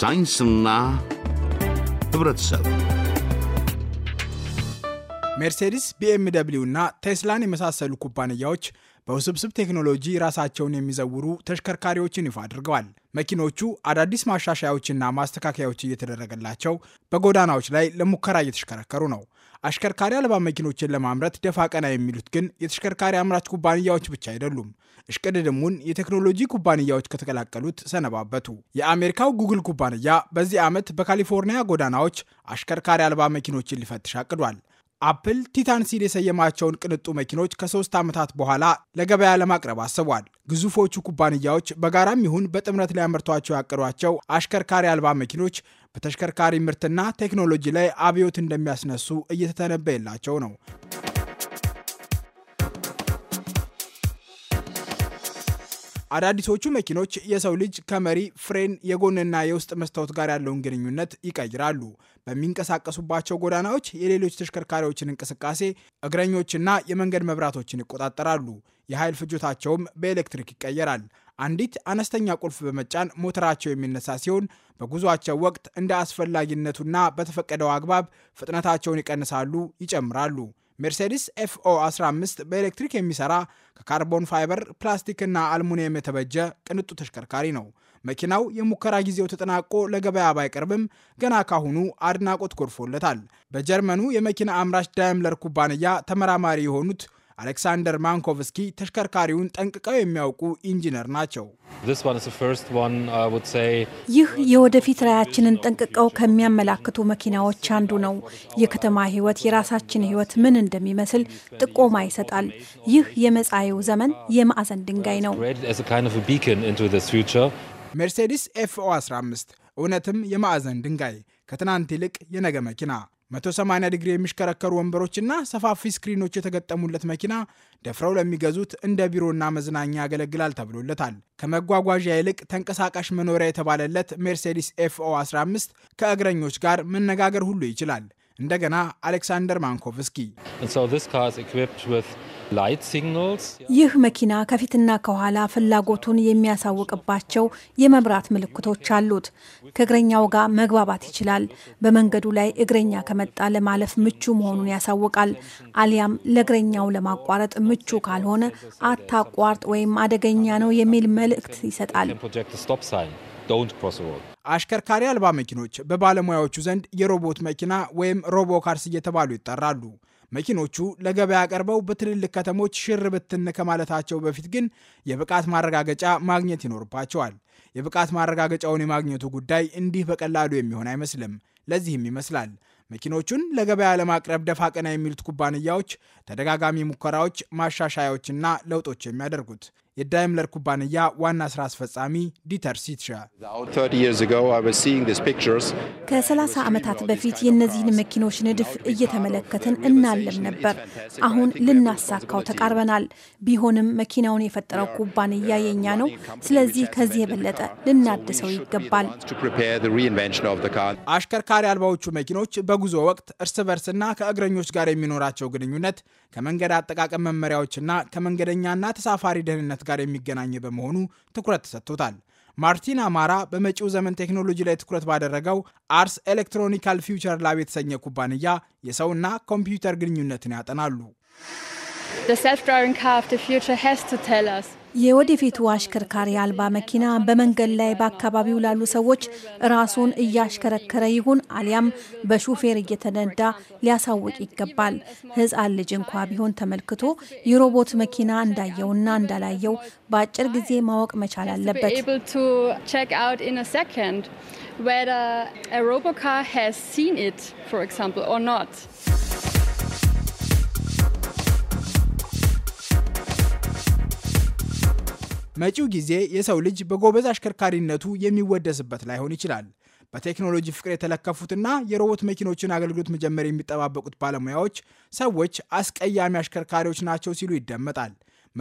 ሳይንስና ህብረተሰብ ሜርሴዲስ ቢኤም ደብሊው እና ቴስላን የመሳሰሉ ኩባንያዎች በውስብስብ ቴክኖሎጂ ራሳቸውን የሚዘውሩ ተሽከርካሪዎችን ይፋ አድርገዋል። መኪኖቹ አዳዲስ ማሻሻያዎችና ማስተካከያዎች እየተደረገላቸው በጎዳናዎች ላይ ለሙከራ እየተሽከረከሩ ነው። አሽከርካሪ አልባ መኪኖችን ለማምረት ደፋ ቀና የሚሉት ግን የተሽከርካሪ አምራች ኩባንያዎች ብቻ አይደሉም። እሽቅድድሙን የቴክኖሎጂ ኩባንያዎች ከተቀላቀሉት ሰነባበቱ። የአሜሪካው ጉግል ኩባንያ በዚህ ዓመት በካሊፎርኒያ ጎዳናዎች አሽከርካሪ አልባ መኪኖችን ሊፈትሽ አቅዷል። አፕል ቲታን ሲል የሰየማቸውን ቅንጡ መኪኖች ከሶስት ዓመታት በኋላ ለገበያ ለማቅረብ አስቧል። ግዙፎቹ ኩባንያዎች በጋራም ይሁን በጥምረት ሊያመርቷቸው ያቀዷቸው አሽከርካሪ አልባ መኪኖች በተሽከርካሪ ምርትና ቴክኖሎጂ ላይ አብዮት እንደሚያስነሱ እየተተነበየላቸው ነው። አዳዲሶቹ መኪኖች የሰው ልጅ ከመሪ ፍሬን፣ የጎንና የውስጥ መስታወት ጋር ያለውን ግንኙነት ይቀይራሉ። በሚንቀሳቀሱባቸው ጎዳናዎች የሌሎች ተሽከርካሪዎችን እንቅስቃሴ፣ እግረኞችና የመንገድ መብራቶችን ይቆጣጠራሉ። የኃይል ፍጆታቸውም በኤሌክትሪክ ይቀየራል። አንዲት አነስተኛ ቁልፍ በመጫን ሞተራቸው የሚነሳ ሲሆን በጉዞቸው ወቅት እንደ አስፈላጊነቱና በተፈቀደው አግባብ ፍጥነታቸውን ይቀንሳሉ፣ ይጨምራሉ። ሜርሴዲስ ኤፍኦ 15 በኤሌክትሪክ የሚሰራ ከካርቦን ፋይበር፣ ፕላስቲክና አልሙኒየም የተበጀ ቅንጡ ተሽከርካሪ ነው። መኪናው የሙከራ ጊዜው ተጠናቆ ለገበያ ባይቀርብም ገና ካሁኑ አድናቆት ጎርፎለታል። በጀርመኑ የመኪና አምራች ዳይምለር ኩባንያ ተመራማሪ የሆኑት አሌክሳንደር ማንኮቭስኪ ተሽከርካሪውን ጠንቅቀው የሚያውቁ ኢንጂነር ናቸው። ይህ የወደፊት ራዕያችንን ጠንቅቀው ከሚያመላክቱ መኪናዎች አንዱ ነው። የከተማ ህይወት፣ የራሳችን ህይወት ምን እንደሚመስል ጥቆማ ይሰጣል። ይህ የመጻኤው ዘመን የማዕዘን ድንጋይ ነው። ሜርሴዲስ ኤፍኦ 15 እውነትም የማዕዘን ድንጋይ ከትናንት ይልቅ የነገ መኪና 180 ዲግሪ የሚሽከረከሩ ወንበሮችና ሰፋፊ ስክሪኖች የተገጠሙለት መኪና ደፍረው ለሚገዙት እንደ ቢሮና መዝናኛ ያገለግላል ተብሎለታል። ከመጓጓዣ ይልቅ ተንቀሳቃሽ መኖሪያ የተባለለት ሜርሴዲስ ኤፍኦ 15 ከእግረኞች ጋር መነጋገር ሁሉ ይችላል። እንደገና አሌክሳንደር ማንኮቭስኪ ይህ መኪና ከፊትና ከኋላ ፍላጎቱን የሚያሳውቅባቸው የመብራት ምልክቶች አሉት። ከእግረኛው ጋር መግባባት ይችላል። በመንገዱ ላይ እግረኛ ከመጣ ለማለፍ ምቹ መሆኑን ያሳውቃል። አሊያም ለእግረኛው ለማቋረጥ ምቹ ካልሆነ አታቋርጥ ወይም አደገኛ ነው የሚል መልእክት ይሰጣል። አሽከርካሪ አልባ መኪኖች በባለሙያዎቹ ዘንድ የሮቦት መኪና ወይም ሮቦካርስ እየተባሉ ይጠራሉ። መኪኖቹ ለገበያ ቀርበው በትልልቅ ከተሞች ሽር ብትን ከማለታቸው በፊት ግን የብቃት ማረጋገጫ ማግኘት ይኖርባቸዋል። የብቃት ማረጋገጫውን የማግኘቱ ጉዳይ እንዲህ በቀላሉ የሚሆን አይመስልም። ለዚህም ይመስላል መኪኖቹን ለገበያ ለማቅረብ ደፋ ቀና የሚሉት ኩባንያዎች ተደጋጋሚ ሙከራዎች፣ ማሻሻያዎችና ለውጦች የሚያደርጉት የዳይምለር ኩባንያ ዋና ስራ አስፈጻሚ ዲተር ሲትሸ ከ30 ዓመታት በፊት የእነዚህን መኪኖች ንድፍ እየተመለከትን እናለም ነበር። አሁን ልናሳካው ተቃርበናል። ቢሆንም መኪናውን የፈጠረው ኩባንያ የኛ ነው። ስለዚህ ከዚህ የበለጠ ልናድሰው ይገባል። አሽከርካሪ አልባዎቹ መኪኖች በጉዞ ወቅት እርስ በርስና ከእግረኞች ጋር የሚኖራቸው ግንኙነት ከመንገድ አጠቃቀም መመሪያዎችና ከመንገደኛና ተሳፋሪ ደህንነት ጋር የሚገናኝ በመሆኑ ትኩረት ተሰጥቶታል። ማርቲን አማራ በመጪው ዘመን ቴክኖሎጂ ላይ ትኩረት ባደረገው አርስ ኤሌክትሮኒካል ፊውቸር ላብ የተሰኘ ኩባንያ የሰውና ኮምፒውተር ግንኙነትን ያጠናሉ። የወደፊቱ አሽከርካሪ አልባ መኪና በመንገድ ላይ በአካባቢው ላሉ ሰዎች ራሱን እያሽከረከረ ይሁን አሊያም በሹፌር እየተነዳ ሊያሳውቅ ይገባል። ሕፃን ልጅ እንኳ ቢሆን ተመልክቶ የሮቦት መኪና እንዳየውና እንዳላየው በአጭር ጊዜ ማወቅ መቻል አለበት። መጪው ጊዜ የሰው ልጅ በጎበዝ አሽከርካሪነቱ የሚወደስበት ላይሆን ይችላል። በቴክኖሎጂ ፍቅር የተለከፉትና የሮቦት መኪኖችን አገልግሎት መጀመር የሚጠባበቁት ባለሙያዎች ሰዎች አስቀያሚ አሽከርካሪዎች ናቸው ሲሉ ይደመጣል።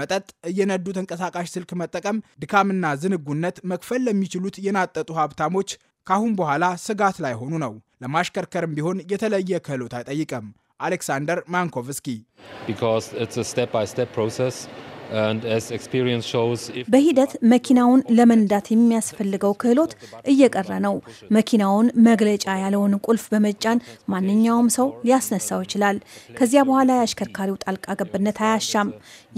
መጠጥ እየነዱ ተንቀሳቃሽ ስልክ መጠቀም፣ ድካምና ዝንጉነት መክፈል ለሚችሉት የናጠጡ ሀብታሞች ካሁን በኋላ ስጋት ላይ ሆኑ ነው። ለማሽከርከርም ቢሆን የተለየ ክህሎት አይጠይቅም። አሌክሳንደር ማንኮቭስኪ በሂደት መኪናውን ለመንዳት የሚያስፈልገው ክህሎት እየቀረ ነው። መኪናውን መግለጫ ያለውን ቁልፍ በመጫን ማንኛውም ሰው ሊያስነሳው ይችላል። ከዚያ በኋላ የአሽከርካሪው ጣልቃ ገብነት አያሻም።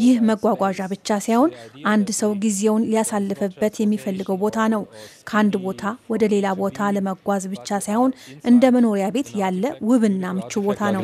ይህ መጓጓዣ ብቻ ሳይሆን አንድ ሰው ጊዜውን ሊያሳልፍበት የሚፈልገው ቦታ ነው። ከአንድ ቦታ ወደ ሌላ ቦታ ለመጓዝ ብቻ ሳይሆን እንደ መኖሪያ ቤት ያለ ውብና ምቹ ቦታ ነው።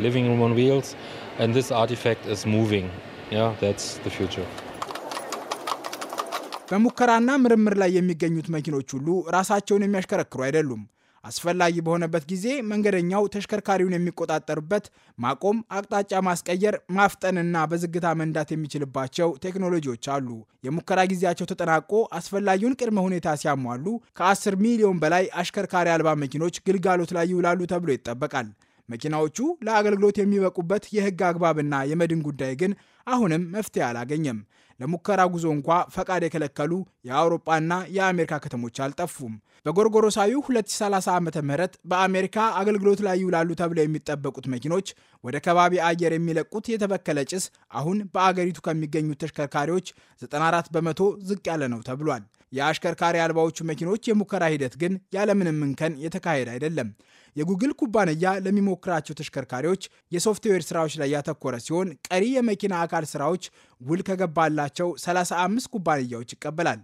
በሙከራና ምርምር ላይ የሚገኙት መኪኖች ሁሉ ራሳቸውን የሚያሽከረክሩ አይደሉም። አስፈላጊ በሆነበት ጊዜ መንገደኛው ተሽከርካሪውን የሚቆጣጠርበት ማቆም፣ አቅጣጫ ማስቀየር፣ ማፍጠንና በዝግታ መንዳት የሚችልባቸው ቴክኖሎጂዎች አሉ። የሙከራ ጊዜያቸው ተጠናቆ አስፈላጊውን ቅድመ ሁኔታ ሲያሟሉ ከ10 ሚሊዮን በላይ አሽከርካሪ አልባ መኪኖች ግልጋሎት ላይ ይውላሉ ተብሎ ይጠበቃል። መኪናዎቹ ለአገልግሎት የሚበቁበት የሕግ አግባብና የመድን ጉዳይ ግን አሁንም መፍትሄ አላገኘም። ለሙከራ ጉዞ እንኳ ፈቃድ የከለከሉ የአውሮጳና የአሜሪካ ከተሞች አልጠፉም። በጎርጎሮሳዊ 2030 ዓ ም በአሜሪካ አገልግሎት ላይ ይውላሉ ተብለው የሚጠበቁት መኪኖች ወደ ከባቢ አየር የሚለቁት የተበከለ ጭስ አሁን በአገሪቱ ከሚገኙት ተሽከርካሪዎች 94 በመቶ ዝቅ ያለ ነው ተብሏል። የአሽከርካሪ አልባዎቹ መኪኖች የሙከራ ሂደት ግን ያለምንም እንከን የተካሄደ አይደለም። የጉግል ኩባንያ ለሚሞክራቸው ተሽከርካሪዎች የሶፍትዌር ስራዎች ላይ ያተኮረ ሲሆን ቀሪ የመኪና አካል የኬሚካል ስራዎች ውል ከገባላቸው 35 ኩባንያዎች ይቀበላል።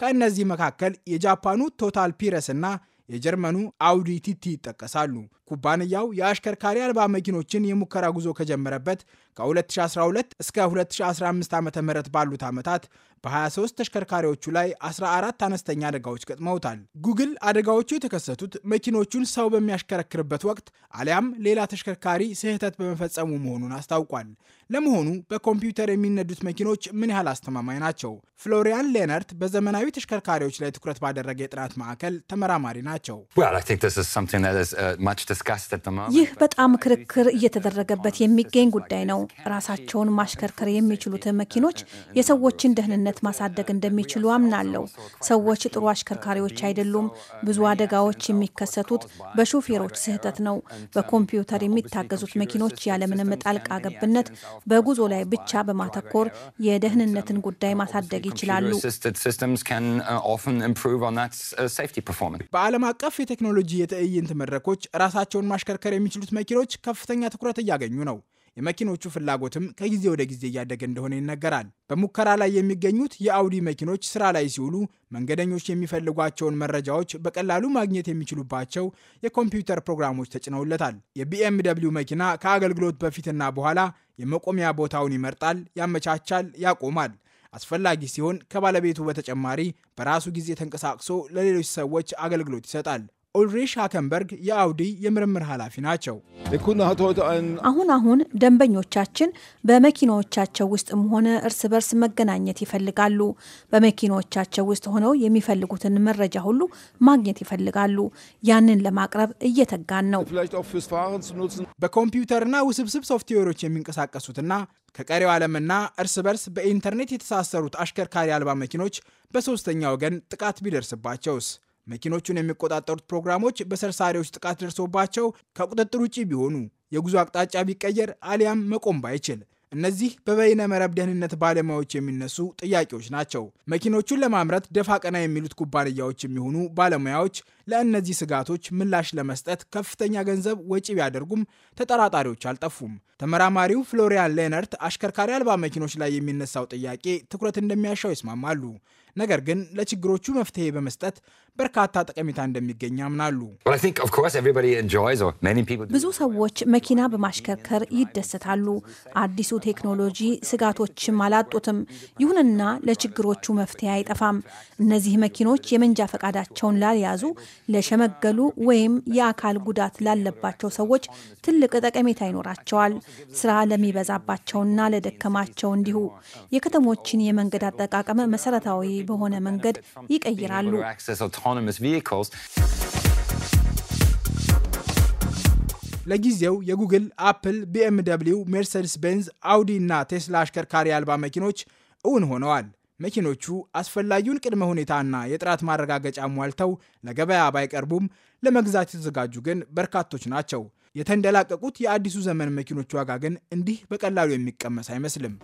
ከእነዚህ መካከል የጃፓኑ ቶታል ፒረስ እና የጀርመኑ አውዲ ቲቲ ይጠቀሳሉ። ኩባንያው የአሽከርካሪ አልባ መኪኖችን የሙከራ ጉዞ ከጀመረበት ከ2012 እስከ 2015 ዓ ም ባሉት ዓመታት በ23 ተሽከርካሪዎቹ ላይ 14 አነስተኛ አደጋዎች ገጥመውታል። ጉግል አደጋዎቹ የተከሰቱት መኪኖቹን ሰው በሚያሽከረክርበት ወቅት አሊያም ሌላ ተሽከርካሪ ስህተት በመፈጸሙ መሆኑን አስታውቋል። ለመሆኑ በኮምፒውተር የሚነዱት መኪኖች ምን ያህል አስተማማኝ ናቸው? ፍሎሪያን ሌነርት በዘመናዊ ተሽከርካሪዎች ላይ ትኩረት ባደረገ የጥናት ማዕከል ተመራማሪ ናቸው። uh, ይህ በጣም ክርክር እየተደረገበት የሚገኝ ጉዳይ ነው። ራሳቸውን ማሽከርከር የሚችሉት መኪኖች የሰዎችን ደህንነት ተጠቃሚነት ማሳደግ እንደሚችሉ አምናለሁ። ሰዎች ጥሩ አሽከርካሪዎች አይደሉም። ብዙ አደጋዎች የሚከሰቱት በሾፌሮች ስህተት ነው። በኮምፒውተር የሚታገዙት መኪኖች ያለምንም ጣልቃ ገብነት በጉዞ ላይ ብቻ በማተኮር የደህንነትን ጉዳይ ማሳደግ ይችላሉ። በዓለም አቀፍ የቴክኖሎጂ የትዕይንት መድረኮች ራሳቸውን ማሽከርከር የሚችሉት መኪኖች ከፍተኛ ትኩረት እያገኙ ነው። የመኪኖቹ ፍላጎትም ከጊዜ ወደ ጊዜ እያደገ እንደሆነ ይነገራል። በሙከራ ላይ የሚገኙት የአውዲ መኪኖች ስራ ላይ ሲውሉ መንገደኞች የሚፈልጓቸውን መረጃዎች በቀላሉ ማግኘት የሚችሉባቸው የኮምፒውተር ፕሮግራሞች ተጭነውለታል። የቢኤም ደብሊው መኪና ከአገልግሎት በፊትና በኋላ የመቆሚያ ቦታውን ይመርጣል፣ ያመቻቻል፣ ያቆማል። አስፈላጊ ሲሆን ከባለቤቱ በተጨማሪ በራሱ ጊዜ ተንቀሳቅሶ ለሌሎች ሰዎች አገልግሎት ይሰጣል። ኦልሪሽ ሃከንበርግ የአውዲ የምርምር ኃላፊ ናቸው። አሁን አሁን ደንበኞቻችን በመኪናዎቻቸው ውስጥም ሆነ እርስ በርስ መገናኘት ይፈልጋሉ። በመኪናዎቻቸው ውስጥ ሆነው የሚፈልጉትን መረጃ ሁሉ ማግኘት ይፈልጋሉ። ያንን ለማቅረብ እየተጋን ነው። በኮምፒውተርና ውስብስብ ሶፍትዌሮች የሚንቀሳቀሱትና ከቀሪው ዓለምና እርስ በርስ በኢንተርኔት የተሳሰሩት አሽከርካሪ አልባ መኪኖች በሶስተኛ ወገን ጥቃት ቢደርስባቸውስ? መኪኖቹን የሚቆጣጠሩት ፕሮግራሞች በሰርሳሪዎች ጥቃት ደርሶባቸው ከቁጥጥር ውጪ ቢሆኑ የጉዞ አቅጣጫ ቢቀየር አሊያም መቆም ባይችል እነዚህ በበይነ መረብ ደህንነት ባለሙያዎች የሚነሱ ጥያቄዎች ናቸው። መኪኖቹን ለማምረት ደፋ ቀና የሚሉት ኩባንያዎች የሚሆኑ ባለሙያዎች ለእነዚህ ስጋቶች ምላሽ ለመስጠት ከፍተኛ ገንዘብ ወጪ ቢያደርጉም ተጠራጣሪዎች አልጠፉም። ተመራማሪው ፍሎሪያን ሌነርት አሽከርካሪ አልባ መኪኖች ላይ የሚነሳው ጥያቄ ትኩረት እንደሚያሻው ይስማማሉ። ነገር ግን ለችግሮቹ መፍትሄ በመስጠት በርካታ ጠቀሜታ እንደሚገኝ ያምናሉ። ብዙ ሰዎች መኪና በማሽከርከር ይደሰታሉ። አዲሱ ቴክኖሎጂ ስጋቶችም አላጡትም። ይሁንና ለችግሮቹ መፍትሄ አይጠፋም። እነዚህ መኪኖች የመንጃ ፈቃዳቸውን ላልያዙ፣ ለሸመገሉ ወይም የአካል ጉዳት ላለባቸው ሰዎች ትልቅ ጠቀሜታ ይኖራቸዋል። ስራ ለሚበዛባቸውና ለደከማቸው እንዲሁ የከተሞችን የመንገድ አጠቃቀም መሰረታዊ በሆነ መንገድ ይቀይራሉ። ለጊዜው የጉግል፣ አፕል፣ ቢኤምደብሊው፣ ሜርሴዲስ ቤንዝ፣ አውዲ እና ቴስላ አሽከርካሪ አልባ መኪኖች እውን ሆነዋል። መኪኖቹ አስፈላጊውን ቅድመ ሁኔታና የጥራት ማረጋገጫ ሟልተው ለገበያ ባይቀርቡም ለመግዛት የተዘጋጁ ግን በርካቶች ናቸው። የተንደላቀቁት የአዲሱ ዘመን መኪኖች ዋጋ ግን እንዲህ በቀላሉ የሚቀመስ አይመስልም።